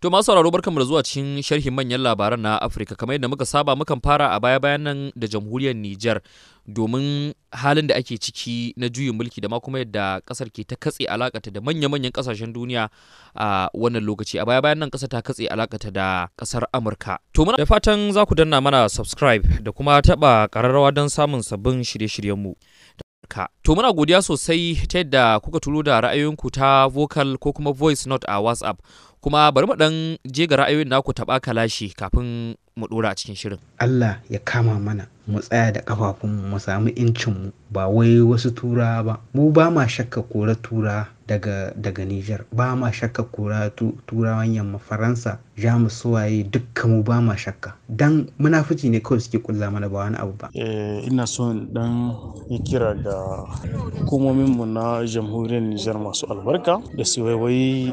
To masu sauraro mu da zuwa cikin sharhin manyan labaran na Afirka kamar yadda muka saba mukan fara a baya-bayan nan da jamhuriyar Nijar domin halin da ake ciki na juyin mulki da ma kuma yadda kasar ke ta katse alakata da manya-manyan kasashen duniya a wannan lokaci a baya-bayan nan kasar ta katse alakata da kasar Amurka. To muna da fatan za ku danna mana subscribe da kuma taba kararrawa don samun sabbin shirye shiryen mu To muna godiya sosai ta yadda kuka turo da ra'ayoyinku ta vocal ko kuma voice note a WhatsApp kuma bari mu dan je ga ra'ayoyin naku taɓa kalashi kafin mu dora a cikin shirin Allah ya kama mana mu tsaya da kafafunmu mu samu incinmu ba wai wasu tura ba mu ba ma shakka kora tura daga daga Niger ba ma shakka kora turawan yamma Faransa Jamus suwaye dukka mu ba ma shakka dan munafici ne kawai suke kulla mana ba wani abu ba eh ina so dan yi kira da hukumominmu na jamhuriyar nijar masu albarka da su waiwayi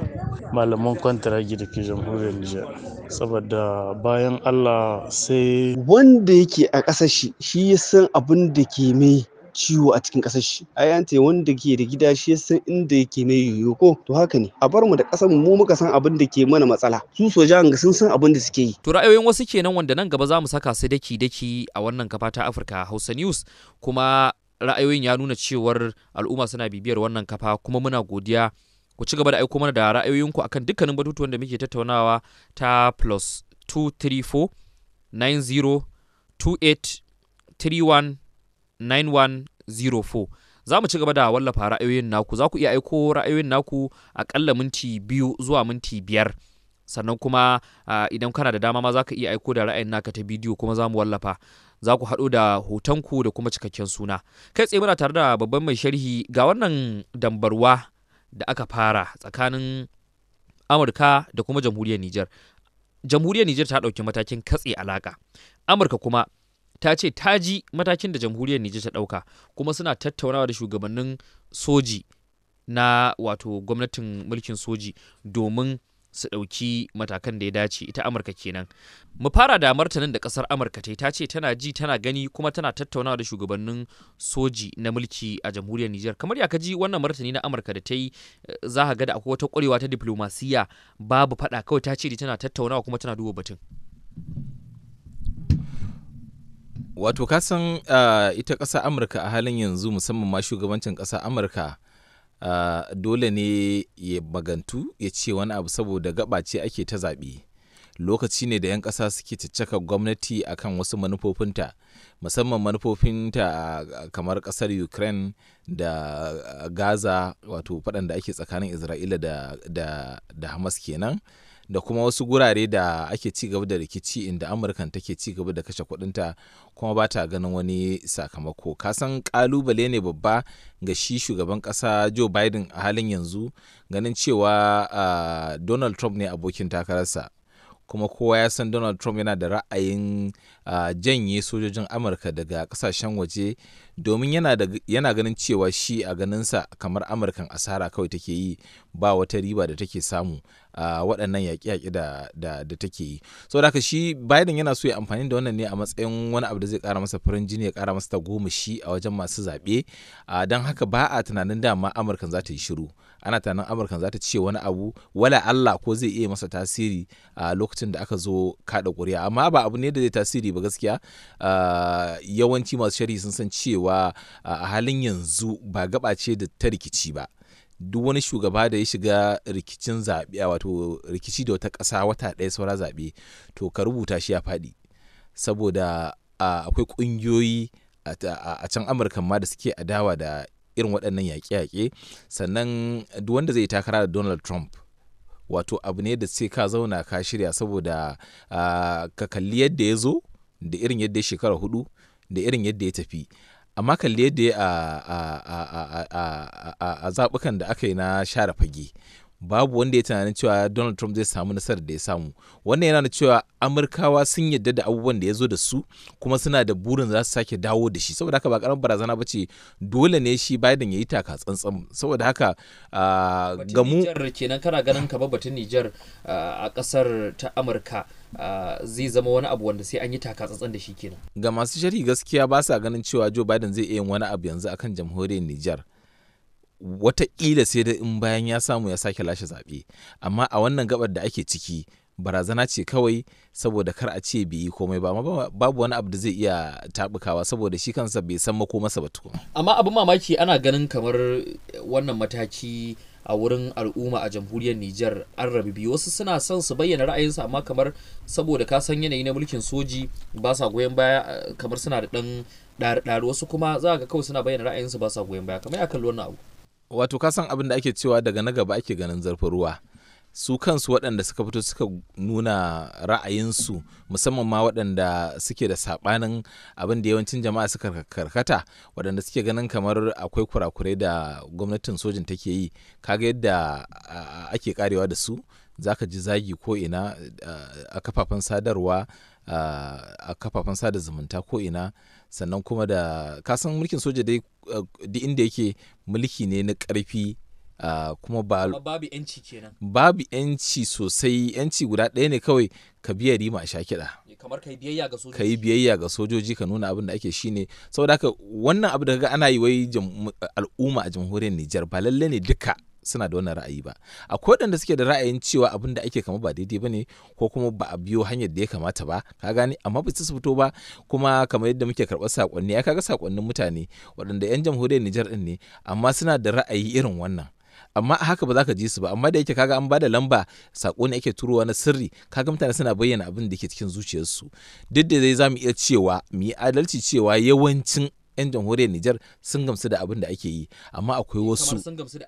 malaman kwantara da ke jamhuriyar nijar saboda bayan Allah sai wanda yake a ƙasar shi shi ya san abin da ke mai ciwo a cikin ƙasar shi ai an ce wanda ke da gida shi ya san inda yake mai yoyo ko to haka ne a bar mu da ƙasar mu muka san abin da ke mana matsala su sojan ga sun san abin da suke yi to ra'ayoyin wasu kenan wanda nan gaba za mu saka su daki daki a wannan kafa ta Afirka Hausa News kuma ra'ayoyin ya nuna cewar al'umma suna bibiyar wannan kafa kuma muna godiya ku ci gaba da aiko mana da ra'ayoyinku akan dukkanin batutuwan da muke tattaunawa ta plus 234 9028319104 za mu ci gaba da wallafa ra'ayoyin naku za ku iya aiko ra'ayoyin naku akalla minti biyu zuwa minti biyar sannan kuma idan kana da dama ma za ka iya aiko da ra'ayin naka ta bidiyo kuma za mu wallafa za ku haɗu da hotonku da kuma cikakken suna kai tsaye muna tare da babban mai sharhi ga wannan dambarwa da aka fara tsakanin amurka da kuma jamhuriyar Nijar. jamhuriyar Nijar ta ɗauki matakin katse alaƙa. Amurka kuma ta ce ta ji matakin da jamhuriyar Nijar ta ɗauka kuma suna tattaunawa da shugabannin soji na wato gwamnatin mulkin soji domin su ɗauki matakan da ya dace ita amurka kenan mu fara da martanin da ƙasar amurka ta yi ta ce tana ji tana gani kuma tana tattaunawa da shugabannin soji na mulki a jamhuriyar nijar kamar ya kaji wannan martani na amurka da ta yi eh, za ka ga da akwai wata ƙwarewa ta diplomasiya babu faɗa kawai ta ce tana tattaunawa kuma tana duba batun wato kasan uh, eh, ita ƙasa amurka a halin yanzu musamman ma shugabancin ƙasa amurka uh, dole ne ya magantu ya ce wani abu saboda gaba ce ake ta zaɓe lokaci ne da 'yan ƙasa suke caccaka gwamnati akan wasu manufofinta musamman manufofinta ah, kamar ƙasar ukraine da ah, gaza wato faɗan da ake tsakanin isra'ila da hamas kenan da kuma wasu gurare da ake ci gaba da rikici inda amurkan take ci gaba da kashe kudinta kuma ba ta ganin wani sakamako kasan kalubale ne babba ga shi shugaban kasa joe biden a halin yanzu ganin cewa uh, donald trump ne abokin takararsa kuma kowa ya san donald trump yana da ra'ayin janye sojojin amurka daga kasashen waje domin yana ganin cewa shi a ganinsa kamar amurkan asara kawai take yi ba wata riba da take samu a waɗannan yaƙi-yaƙi da take yi so da shi biden yana so ya amfani da wannan ne a matsayin wani abu da zai ƙara masa farin jini ya ƙara masa tagomashi a wajen masu zaɓe don haka ba a tunanin dama amurkan za ta yi shiru ana tunanin amurkan za ta ce wani abu wala allah ko zai iya masa tasiri a lokacin da aka zo kada ƙuri'a amma ba abu ne da zai tasiri ba gaskiya yawanci masu sharhi sun san cewa a halin yanzu ba gaba ce da ta rikici ba duk wani shugaba da ya shiga rikicin zaɓe wato rikici da wata ƙasa wata ɗaya saura zaɓe to ka rubuta shi ya faɗi saboda akwai ƙungiyoyi a can amurka ma da suke adawa da irin waɗannan yaƙe-yaƙe sannan duk wanda zai takara da donald trump wato abu ne da sai ka zauna ka shirya saboda ka kalli yadda ya zo da irin yadda ya shekara hudu da irin yadda ya tafi amma kalli yadda ya a zaɓukan da aka yi na share fage babu wanda ya tunanin cewa Donald Trump zai samu nasarar da ya samu wannan yana da cewa Amurkawa sun yadda da abubuwan da ya zo da su kuma suna da burin za su sake dawo da shi saboda haka ba karamin barazana ba ce dole ne shi Biden ya yi taka tsantsan saboda haka ah, gamu Niger kenan kana ganin ka batun Niger ah, a kasar ta Amurka ah, zai zama wani abu wanda sai an yi taka tsantsan da shi kenan ga masu sharhi gaskiya ba sa ganin cewa Joe Biden zai iya yin wani abu yanzu akan jamhuriyar Niger wataƙila sai da in bayan ya samu ya sake lashe zaɓe amma a wannan gabar da ake ciki barazana ce kawai saboda kar a ce bai yi komai ba babu wani abu da zai iya tabukawa saboda shi kansa bai san mako masa ba tukun amma abin mamaki ana ganin kamar wannan mataki a wurin al'umma a jamhuriyar Nijar an rabi biyu wasu suna son su bayyana ra'ayinsu amma kamar saboda ka san yanayi na mulkin soji ba sa goyon baya kamar suna da dan ɗari wasu kuma za ga kawai suna bayyana ra'ayinsu ba sa goyon baya kamar ya kalli wannan abu wato ka san abin da ake cewa daga na gaba ake ganin zarfin ruwa su kansu waɗanda suka fito suka nuna ra'ayinsu musamman ma waɗanda suke da saɓanin abin da yawancin jama'a suka karkata waɗanda suke ganin kamar akwai kurakurai da gwamnatin sojin take yi kaga yadda ake karewa da su zaka ji zagi ko ina a kafafen sadarwa a kafafen sada zumunta ko ina sannan kuma da kasan mulkin soja dai inda yake mulki ne na karfi kuma ba babu yanci kenan babu yanci sosai yanci guda ɗaya ne kawai ka biya rima a shakida kamar ka yi biyayya ga sojoji ka yi biyayya ga sojoji ka nuna abin da ake shi ne saboda haka wannan abu da ga ana yi wai al'umma a jamhuriyar Nijar ba lalle ne duka suna da wannan ra'ayi ba akwai waɗanda suke da ra'ayin cewa abin da ake kama ba daidai ba ne ko kuma ba a biyo hanyar da ya kamata ba ka gane amma ba su fito ba kuma kamar yadda muke karɓar sakonni ya kaga sakonnin mutane waɗanda 'yan jamhuriyar Nijar ɗin ne amma suna da ra'ayi irin wannan amma haka ba za ka ji su ba amma da yake kaga an ba da lamba sako ne ake turowa na sirri kaga mutane suna bayyana abin da ke cikin zuciyarsu duk da zai za mu iya cewa mu yi adalci cewa yawancin 'yan jamhuriyar Nijar sun gamsu da abin da ake yi amma akwai eh, wasu eh, sun gamsu da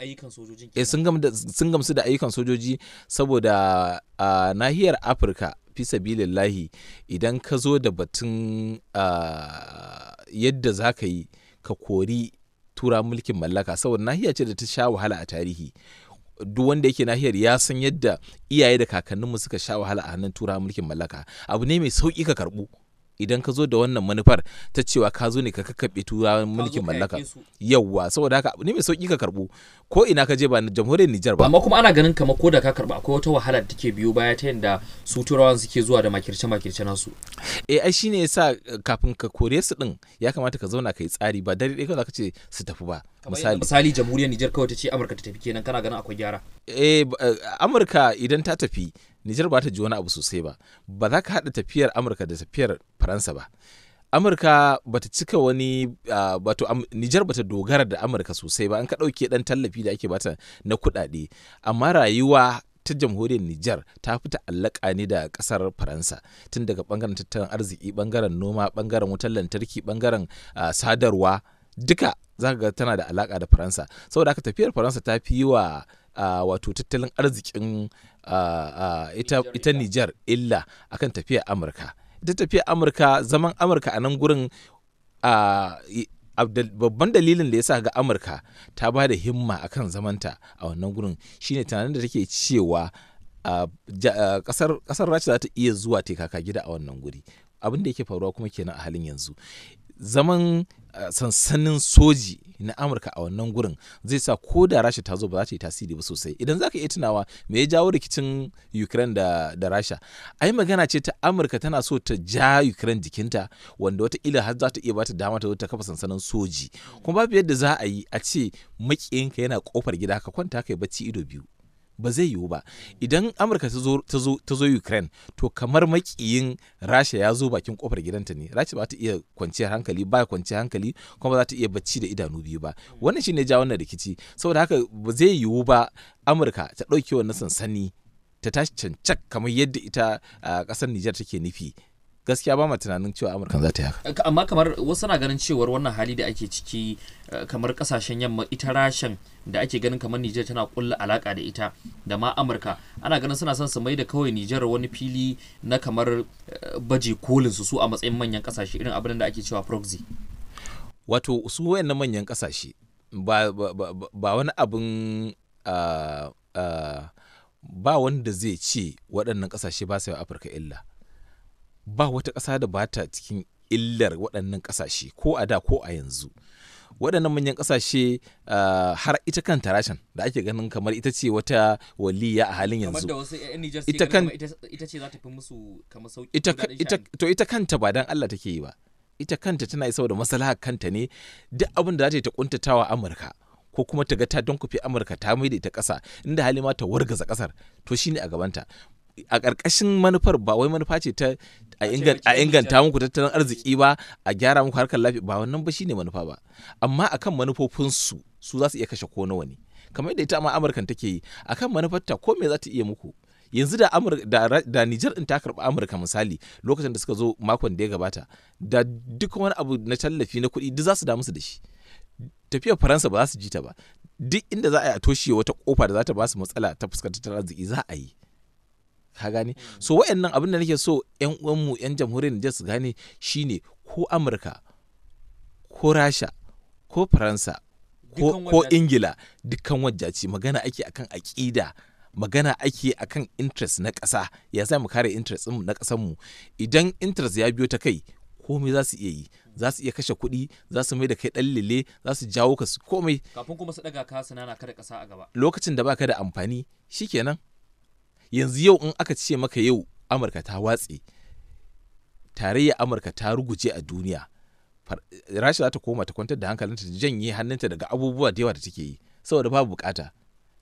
ayyukan sojoji saboda a nahiyar Afirka fi lahi idan ka zo da batun yadda za ka yi ka kori tura mulkin mallaka saboda nahiya ce da ta sha wahala a tarihi duk wanda yake nahiyar ya san yadda iyaye da kakanninmu suka sha wahala a hannun tura mulkin mallaka abu ne mai sauƙi ka karɓu idan ka zo da wannan manufar ta cewa ka zo ne ka kakkaɓe turawan mulkin mallaka yawwa saboda haka ni mai sauki ka karɓo ko ina ka je ba na jamhuriyar Nijar ba amma kuma ana ganin kamar ko da ka karɓa akwai wata wahala da take biyo baya ta yadda su turawan suke zuwa da makirce makirce nasu eh ai shine yasa kafin ka kore su din ya kamata ka zauna kai tsari ba dare ɗaya kawai ka ce su tafi ba misali misali jamhuriyar Nijar kawai ta ce Amurka ta tafi kenan kana ganin akwai gyara eh, eh Amurka idan ta tafi Nijar ba ta ji wani abu sosai ba ba za ka haɗa tafiyar Amurka da tafiyar Faransa ba Amurka ba ta cika wani wato Nijar ba ta dogara da Amurka sosai ba an ka ɗauke ɗan tallafi da ake bata na kuɗaɗe amma rayuwa ta jamhuriyar Nijar ta fi ta'allaka ne da ƙasar Faransa tun daga bangaren tattalin arziki ɓangaren noma bangaren wutar lantarki bangaren sadarwa duka za ga tana da alaka da Faransa saboda haka tafiyar Faransa ta fi yi wa wato tattalin arzikin ita Nijar illa akan tafiya Amurka. Ita tafiya Amurka zaman Amurka a nan gurin babban dalilin da ya sa ga Amurka ta ba da himma akan zamanta a wannan gurin shine tunanin da take cewa kasar Rasha za ta iya zuwa tekaka gida a wannan guri. Abin da yake faruwa kuma kenan a halin yanzu. Zaman sansanin soji na amurka a wannan gurin zai sa ko da rasha ta zo ba za ta yi tasiri ba sosai idan za ka iya tunawa me ya jawo rikicin ukraine da, da rasha ai magana ce ta amurka tana so ta ja ukraine jikinta wanda wata ila har za ta iya bata dama ta zo ta kafa sansanin soji kuma babu yadda za a yi a ce makiyinka yana kofar gida ka kwanta kai bacci ido biyu ba zai yiwu ba idan amurka ta zo ukraine to kamar makiyin rasha ya zo bakin kofar gidanta ne rasha ba ta iya kwanciyar hankali ba kwanciyar hankali kuma ba za ta iya bacci da idanu biyu ba wannan shine ja wannan rikici saboda haka ba zai yiwu ba amurka ta ɗauke wannan sansani ta tashi cancak kamar yadda ita a ƙasar Nijar take nufi gaskiya ba ma tunanin cewa amurka za ta haka amma kamar wasu na ganin cewar wannan hali da ake ciki eh, kamar kasashen yamma ita rashin da ake ganin kamar nijar tana kulla alaka da ita da ma amurka ana ganin suna son su mai da kawai nijar wani fili na kamar eh, baje kolin su su a matsayin manyan kasashe irin abin da ake cewa proxy wato su wayannan manyan kasashe ba, ba, wani abin ah, ah, ba wanda zai ce waɗannan kasashe ba su afirka illa ba wata ƙasa da ba ta cikin illar waɗannan ƙasashe ko a da ko a yanzu waɗannan manyan ƙasashe ah, har ita kan tarashin da ake ganin kamar ita ce wata waliya a halin yanzu ita kan ita ce za ta fi musu kamar ita to ita kanta ba dan Allah take yi ba ita kanta tana yi saboda maslaha kanta ne duk abin da za ta yi ta kuntatawa Amurka ko kuma ta ga ta kufi Amurka ta mai da ita ƙasa inda hali ma ta wargaza ƙasar to shine a gabanta a ƙarƙashin manufar ba wai manufa ce ta a inganta muku tattalin arziki ba a gyara muku harkar lafiya ba wannan ba shine manufa ba amma akan manufofinsu su za su iya kashe ko nawa ne kamar yadda ita ma amurkan take yi akan manufarta ko me za ta iya muku yanzu da da, nijar in ta karɓi amurka misali lokacin da suka zo makon da ya gabata da duk wani abu na tallafi na kuɗi duk za su da musu da shi tafiyar faransa ba za su ji ta ba duk inda za a yi a toshe wata kofa da za ta ba su matsala ta fuskar tattalin arziki za a yi ka gane mm. so wa'annan abin da nake so yan uwanmu yan jamhuriyar Nijar su gane shine ko Amurka ko Rasha ko Faransa ko Ingila dukkan wajaci magana ake akan aƙida magana ake akan interest na ƙasa ya sai mu kare interest na ƙasar mu idan interest ya biyo ta kai komai za su iya yi za su iya kashe kuɗi za su mai da kai ɗan lele za su jawo ka su komai kafin kuma su ɗaga ka sanana kada ƙasa a gaba lokacin da baka da amfani shikenan yanzu yau in aka ce maka yau amurka ta watse tarayya amurka ta ruguje a duniya rasha za ta koma ta kwantar da hankalinta ta janye hannunta daga abubuwa da yawa da take yi saboda babu bukata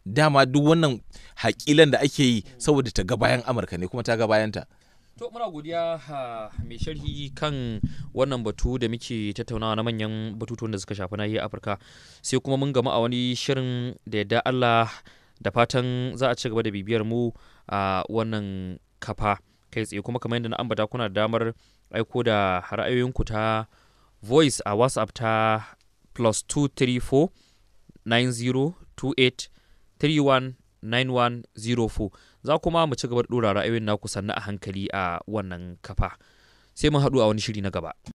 dama duk wannan hakilan da ake yi saboda ta ga bayan amurka ne kuma ta ga bayanta to muna godiya mai sharhi kan wannan batu da muke tattaunawa na manyan batutuwan da suka shafi nahiyar afirka sai kuma mun gama a wani shirin da yadda allah da fatan za a ci gaba da bibiyar mu a wannan kafa kai tsaye kuma kamar yadda na ambata kuna damar aiko da ra'ayoyinku ta voice a whatsapp ta plus 234 9028 319104 za kuma mu ci gaba da ɗora ra'ayoyin naku sannu a hankali a wannan kafa sai mun haɗu a wani shiri na gaba.